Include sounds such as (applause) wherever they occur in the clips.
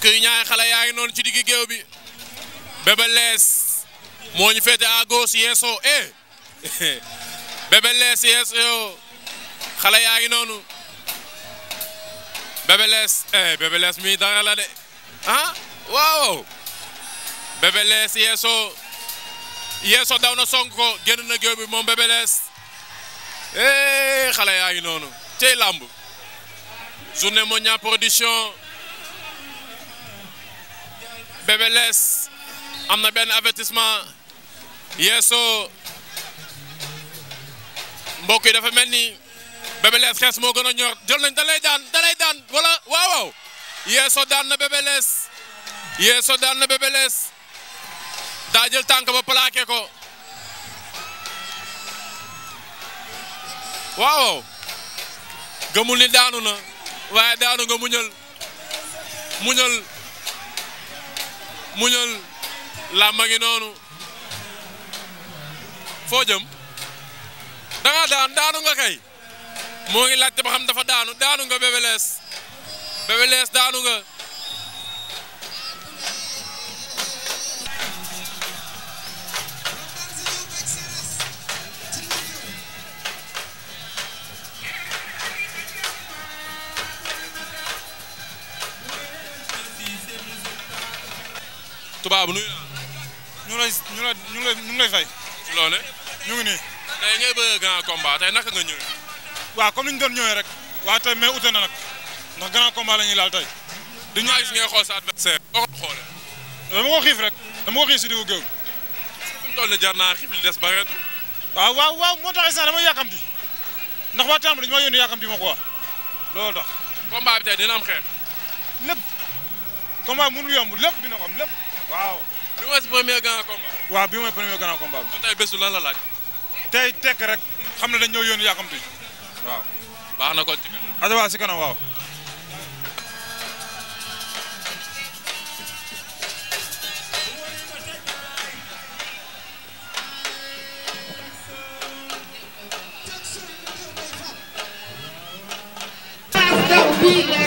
mbokk yi ñaari xale yaa ngi ci digg géew bi Bébé Less moo ñu féete à gauche Yeso eh (laughs) Bébé Less Yeso xale yaa ngi noonu Bébé Less eh mi dara la de ah waaw Bébé Less Yeso daw na song ko génn na géew bi moom Bébé Less eh xale yaa ngi noonu cey làmb journée production. Bébé am na benn avertissement Yeeso mbokk yi dafa mel ni Bébé xees moo gën a ñor jël nañ da lay daan da lay daan wala waaw waaw Yeeso daan na Bébé Yeeso daan na Bébé daa jël tànk ba plaqué ko waaw gëmul ni daanu na waaye daanu nga muñal muñal muñal làmba ngi noonu foo jëm da nga daanu daanu nga kay moo ngi laajte ba dafa daanu daanu nga Bébé Less daanu nga tubaab nuyu ñu lay ñu lay ñu lay ñu lay fay. ci loole ñu ngi nii. tey ngay bëgg grand combat tey naka nga ñëwee. waaw comme ni ñu doon ñëwee rek. waaw tey mais ute na nag ndax grand combat la laal tey. du ñu gis ngay xool sa adversaire. boo ko xoolee. dama ko xiif rek. dama mu toll nii jar xiif li des bareetu. waaw waaw waaw moo tax instant dama yàkkamti ndax waa Tamba dañu ma yónni yàkkamti ma ko waa loolu tax. combat bi tey dina am xeex. lépp combat mënul yomb lépp dina ko am waaw. bi mooy sa premier grand combat. waaw bi mooy premier grand combat bi. tey tekk rek xam ne dañ ñëw yónni yàkkamti waaw. baax na kon ci kanam. Adama si waaw.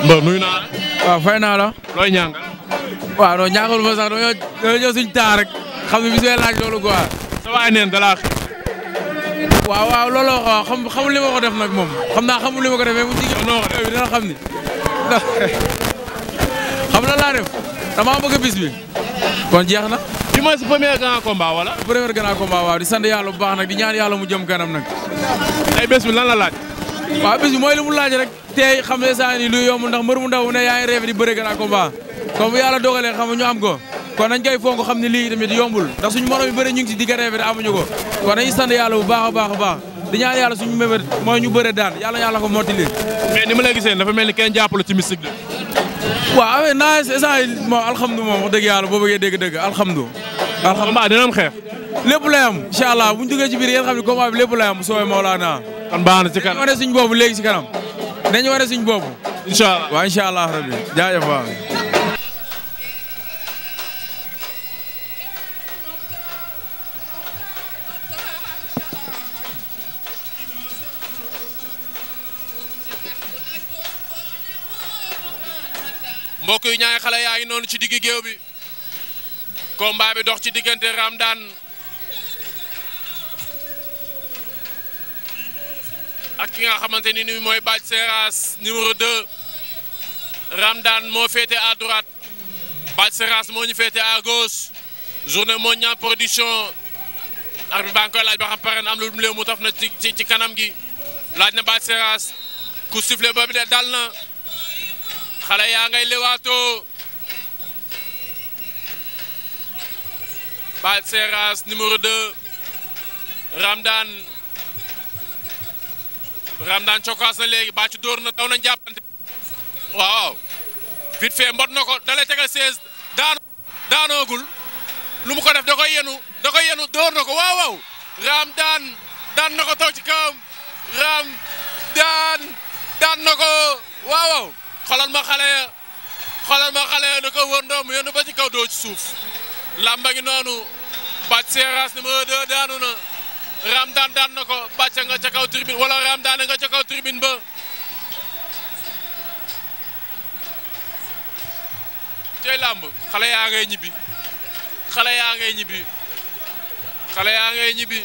Mbër nuyu naa waaw fay naa la. looy ñaangal. waaw non ñaaxul ma sax dañoo dañoo ñëw suñu taa rek xam ne bis ngay loolu quoi. sa waay neen dalaa waaw waaw looloo waaw xam xamul li nag moom xam naa xamul li ma ko defee mu jigéen non non dina xam ni xam la laa def damaa bëgg bis bi kon jeex na. ma mooy sa premier grand combat wala. di sant yàlla bu baax nag di ñaan yàlla mu jam kanam nag. tey bés bi lan la laaj. waaw bis bi mooy li mu laaj rek tey xam ne saa yi lu yomb ndax mbër mu ndaw ne yaa ngi rêve di bëre grand combat comme yàlla dogalee xam ñu am ko kon nañ koy fonk xam ne lii tamit yombul ndax suñu morom yi bëri ñu ngi si di ko rêve te ko kon nañu sant bu baax a ba a baax di ñaan yàlla suñu mébét mooy ñu bëre daan yàlla yàlla ko mottali mais ni ma lay mel ni kenn jàppale ci mystique de waaw affaire naa saa yi moom alhamdu moom wax dëgg yàlla boo bëggee dégg dëgg alhamdu alhamdu dina am xeex lépp lay am incha kon baax na ci kanam dañu wane suñu boobu léegi ci kanam dañu wane suñu boobu. incha allah rabbi jaajëf waaw. mbokk yi ñaari xale yaa ngi noonu ci digg géew bi combat bi dox ci diggante Ramdan. ak ki nga xamante ni mooy Bathie Seras numéro 2 Ramdan moo féete à droite Bathie Seras moo ñu féete à gauche journée mondiale production arbitre baa ngi koy laaj ba xam pare na am lu mu mu taf na ci kanam gi laaj na Bathie Seras ku sifflet boobu de dal na xale yaa ngay lewaatoo Bathie Seras numéro 2 Ramdan. Ramdan cokaas na léegi bàcc dóor na daw nañ jàppante waaw vite fait mbot na ko dalay tegal 16 daan daanoogul lu mu ko def da koy yenu da koy dóor na ko waaw waaw Ramdan daan na ko taw ci kawam Ramdan daan na ko waaw waaw xolal ma xale ya xolal ma xale ya da ko wër yenu ba ci kaw doo suuf lamba noonu bàcc seeraas numéro 2 daanu na Ramdan daan na ko bàcca nga ca kaw tribune wala Ramdan nga ca kaw tribune ba cey làmb xale yaa ngay ñibbi xale yaa ngay ñibbi xale yaa ngay ñibbi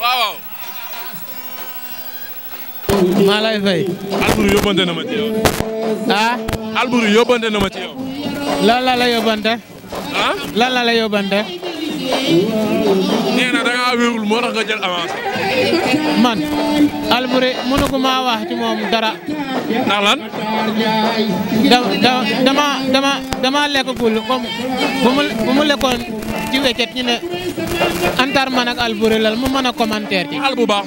waaw maa lay fay. Alboury yóbbante na ma ci yow. ah. yóbbante na ma ci yow. lan la la yóbbante. ah lan la yóbbante. nee na da ngaa wéerul moo tax jël avance. man Alboury mënu ko maa wax ci moom dara. ndax lan. dama dama dama lekkagul comme bu ci weccet ñu ne antar man ak Alboury lan mu mën a ci. baax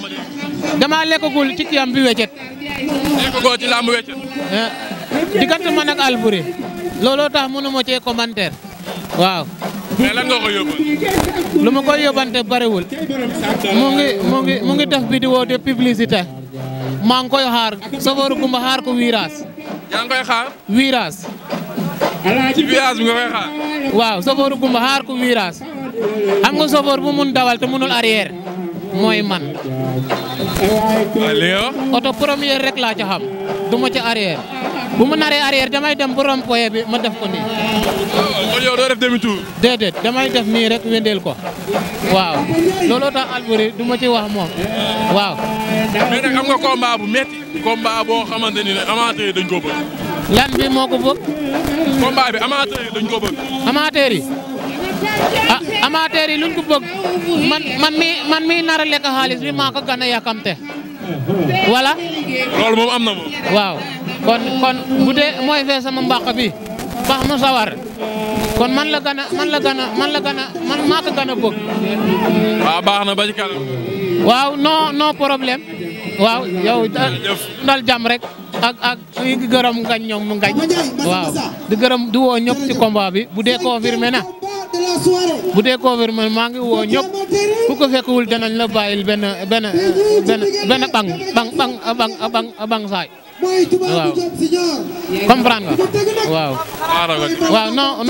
damaa lekkagul ci ci am bi weccet. lekkagoo ci lamb weccet. Eh, diggante man ak Alboury looloo tax mënuma cee commentaire waaw. mais lan nga ko yóbbante. lu ma koy yóbbante bariwul mu ngi mu ngi mu ngi def vidéo de publicité maa ngi koy xaar chauffeur Kumba xaar ko virage. yaa ngi ci virage bi nga koy waaw chauffeur Kumba xaar ko virage. am nga chauffeur bu mun dawal te munul arrière mooy man. Léo oto première rek laa ca xam du ma ca arrière bu ma naree arrière damay dem bu rond bi ma def ko nii. Oh, kon yow doo demi tour. déedéet damay def nii rek wendeel ko waaw looloo tax du ma ci wax moom waaw. mais nag am nga combat bu métti. combat boo xamante ni ne amateur yi dañ ko lan bi moo ko bëgg. combat bi dañ ko bëgg. yi. ah amateur yi luñ ko man man mii nara mi nar lekk xaalis bi maa ko gën a yàkkamte moom am na moom waaw kon kon bu dee mooy fee sama mbàq bi bax mu sawar kon man la gën a man la gën man la gën a man ko baax na ba ci waaw non non problème waaw yow dal jàmm rek ak ak gërëm ngañ ñoom ngañ waaw di gërëm woo ñëpp ci combat bi bu dee confirmé na bu dee confirmé maa ngi woo ñëpp ku ko fekkul danañ la bàyyil benn benn bang bang saay waaw comprendre waaw waaw non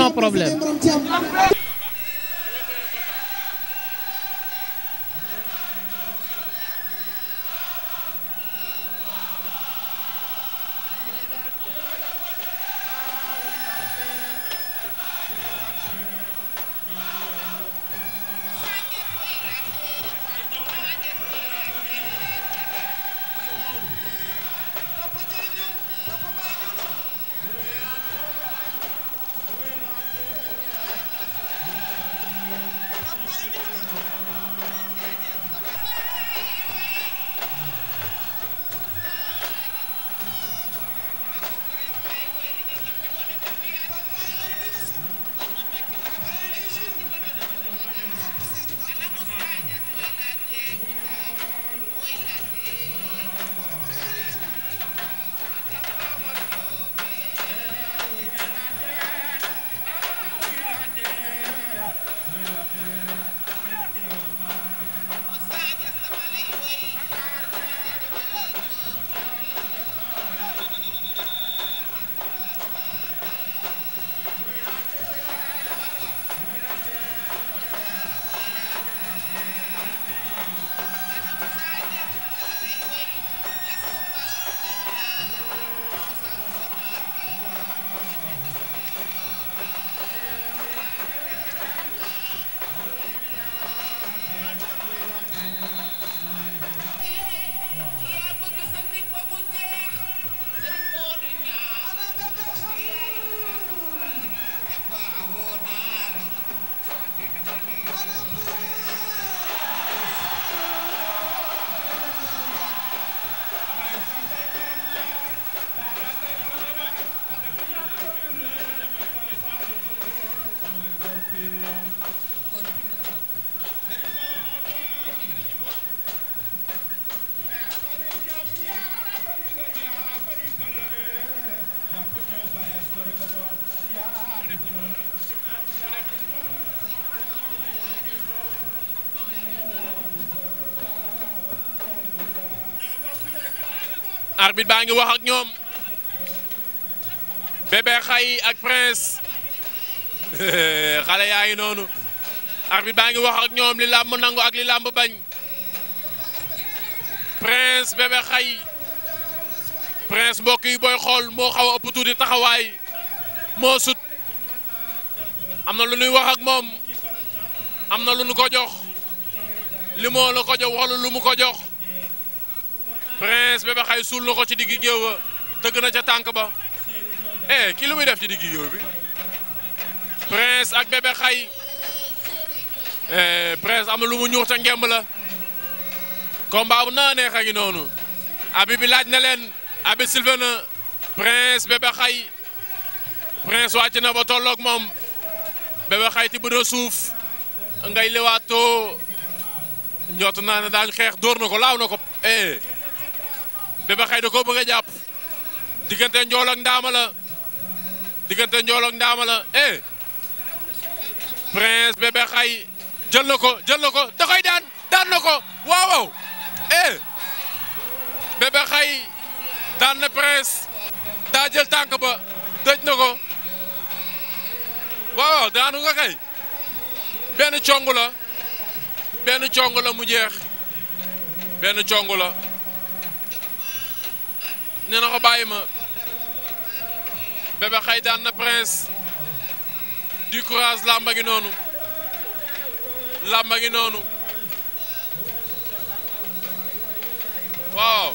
arbitre baa ngi wax ak ñoom bébé xay ak prince (laughs) xale yaa ngi noonu arbitre baa ngi wax ak ñoom li làmb nangu ak li làmb bañ prince bébé xay prince mbokk yi booy xool moo xaw a ëpp taxawaay moo sut am na lu ñuy wax ak moom am na lu ñu ko jox li moo la ko jox wala lu mu ko jox prince Bébé Xay suul na ko ci digg géew dëgg na ca tànk ba eh kii lu muy def ci digg géew bi prince ak Bébé Xay eh prince am lu mu ñuux ca ngemb la combat bu naa neex a noonu abi bi laaj na leen abi silve na prince Bébé Xay prince wàcc na ba tollook moom Bébé Xay ti suuf ngay lewaatoo ñoot naa ne daañu xeex dóor ko laaw na ko eh Bébé Xay da koo bëgg jàpp diggante njool ak ndaama la diggante njool ak ndaama la eh Xay jël na ko jël na ko da koy daan na ko waaw waaw eh Bébé Xay daan na Prince daa jël tànk ba dëj na ko waaw daanu nga kay benn cong la benn cong la mu jeex benn cong nee na ko bàyyi ma Bébé Xay daan na Prince du courage làmba ngi noonu làmba noonu waaw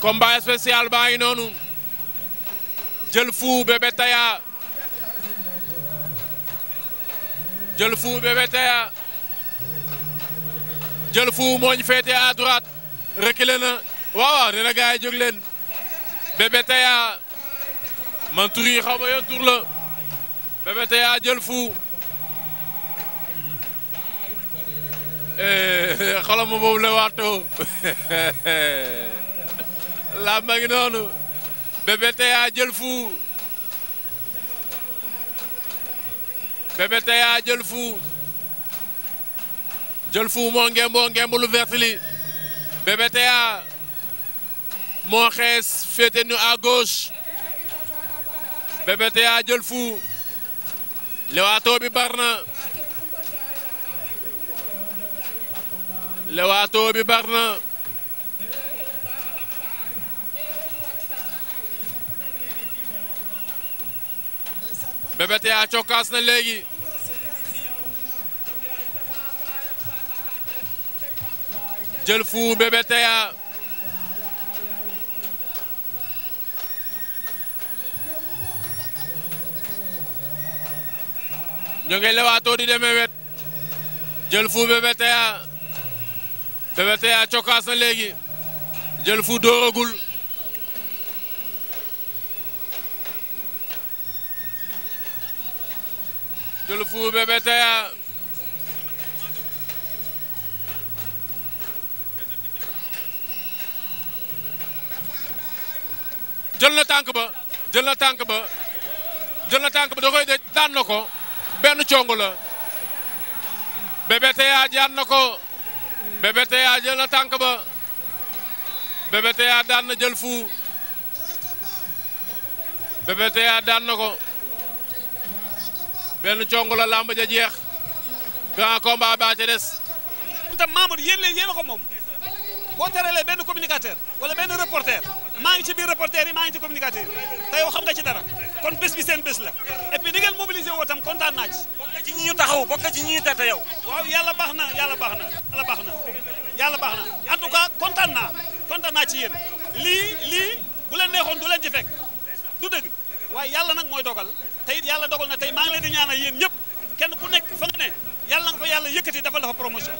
combat spécial baa ngi noonu jël fuu bébé jël fuu bébé jël fuu mooñ féete à droite reculé na waaw waaw nee na gars yi jóg leen bébé taya xaw la bébé jël fuu eh, (laughs) xalam ma boobu la waatoo (laughs) la ma ngi noonu Bébé jël fu Bébé jël fu jël fu moo ngemboo ngemb lu vert li Bébé Teya moo xees féete ñu à gauche jël fu lewaatoo bi bar na lewaatoo bi bar na Bébé Téya na léegi jël fu Bébé Téya ñoo ngi di demee wet jël fu Bébé Téya Bébé na léegi jël fu dooragul Jolofuu Bébé Téya jël na tànk ba jël na tànk ba jël na tànk ba da koy dëj daan na ko benn congo la Bébé Téya na ko Bébé Téya na tànk ba Bébé Téya na jël fuu Bébé Téya na ko benn cong la làmb ja jeex grand combat ba ca des. tam membre yéen leen yéen a ko moom boo le benn communicateur wala benn reporter maa ngi ci biir reporter yi maa ngi ci communicateur xam nga ci dara kon bés bi seen bés la et puis ni ngeen mobilisé woo tam kontaan naa ñu taxaw bokk ci ñi ñu tete yow. waaw yàlla baax na yàlla baax na yàlla baax na yàlla baax na en tout cas kontaan naa kontaan naa ci yéen lii lii bu leen neexoon du leen ci fekk du dëgg. waaye yàlla nag mooy dogal tey it yàlla dogal na tey maa leen di ñaanal yéen ñëpp kenn ku nekk fa nga ne yàlla nga fa yàlla yëkkati dafa la fa promotion.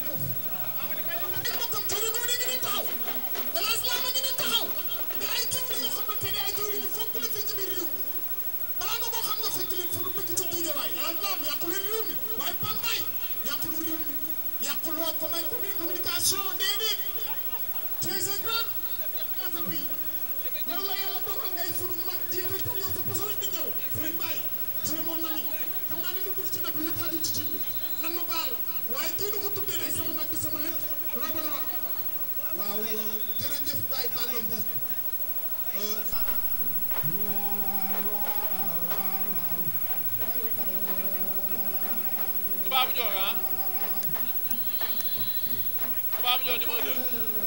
communication déedéet mais bàyyi dina moom na ni xam naa ne lu ci nag lépp xajul ci cin bi nan ma baal waaye kii nu ko tuddee nag bi sama lépp loolu la wax waaw euh, jërëjëf Baye Balla Mbuub euh, tubaabu jox ah tubaabu jox numéro 2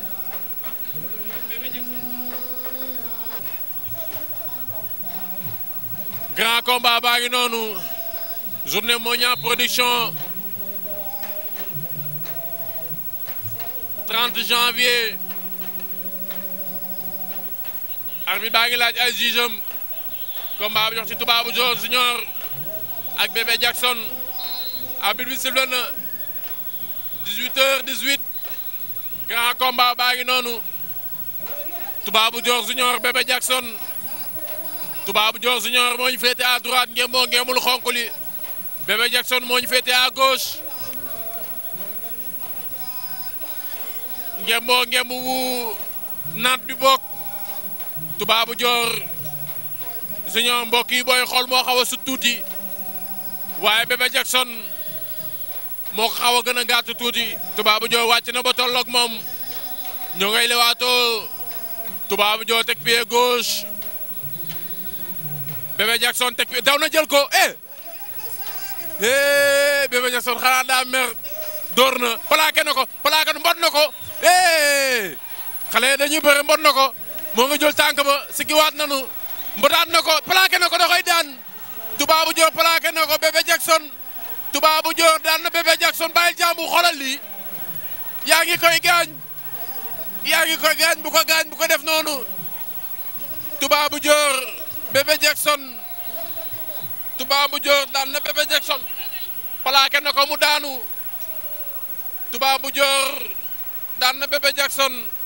grand combat baa ngi noonu journée Mouniang production 30 janvier arbitre baa ngi laaj ay juge am combat bi jox ci Toubabou Dior Junior ak Bébé Jackson arbitre bi sifflé na 18h18 grand combat baa ngi noonu Toubabou Dior Junior Bébé Jackson Toubabou Dior Junior moo ñu féete à droite ngeen moo ngeemul xonk Jackson moo ñu féete à gauche ngeen moo ngeem wu naat bi bokk Toubabou Dior yi booy xool moo xaw sut tuuti waaye Bébé Jackson moo ko xaw a gën a gàtt tuuti Toubabou Dior wàcc na ba tolloog moom ñoo ngay lewaatoo Toubabou Dior teg pied gauche. Bébé Jackson teg daw na jël ko eh. eh Bébé Jackson xanaa daa mer door na plaqué na ko plaqué mbot na ko eh xale dañuy bëre mbot na ko moo nga jël tànk ba sikkiwaat nañu mbotaat na ko plaqué na ko da koy daan tubaabu joor plaqué na ko Bébé Jackson tubaabu joor daan na Bébé Jackson bàyyi jàmbu xoolal yaa ngi koy gaañ yaa ngi koy gaañ bu ko gaañ bu ko def noonu tubaabu joor. Bébé Jackson tubaabu Dior daan na Bébé Jackson plaqué na ko mu daanu tubaabu Dior daan na Bébé Jackson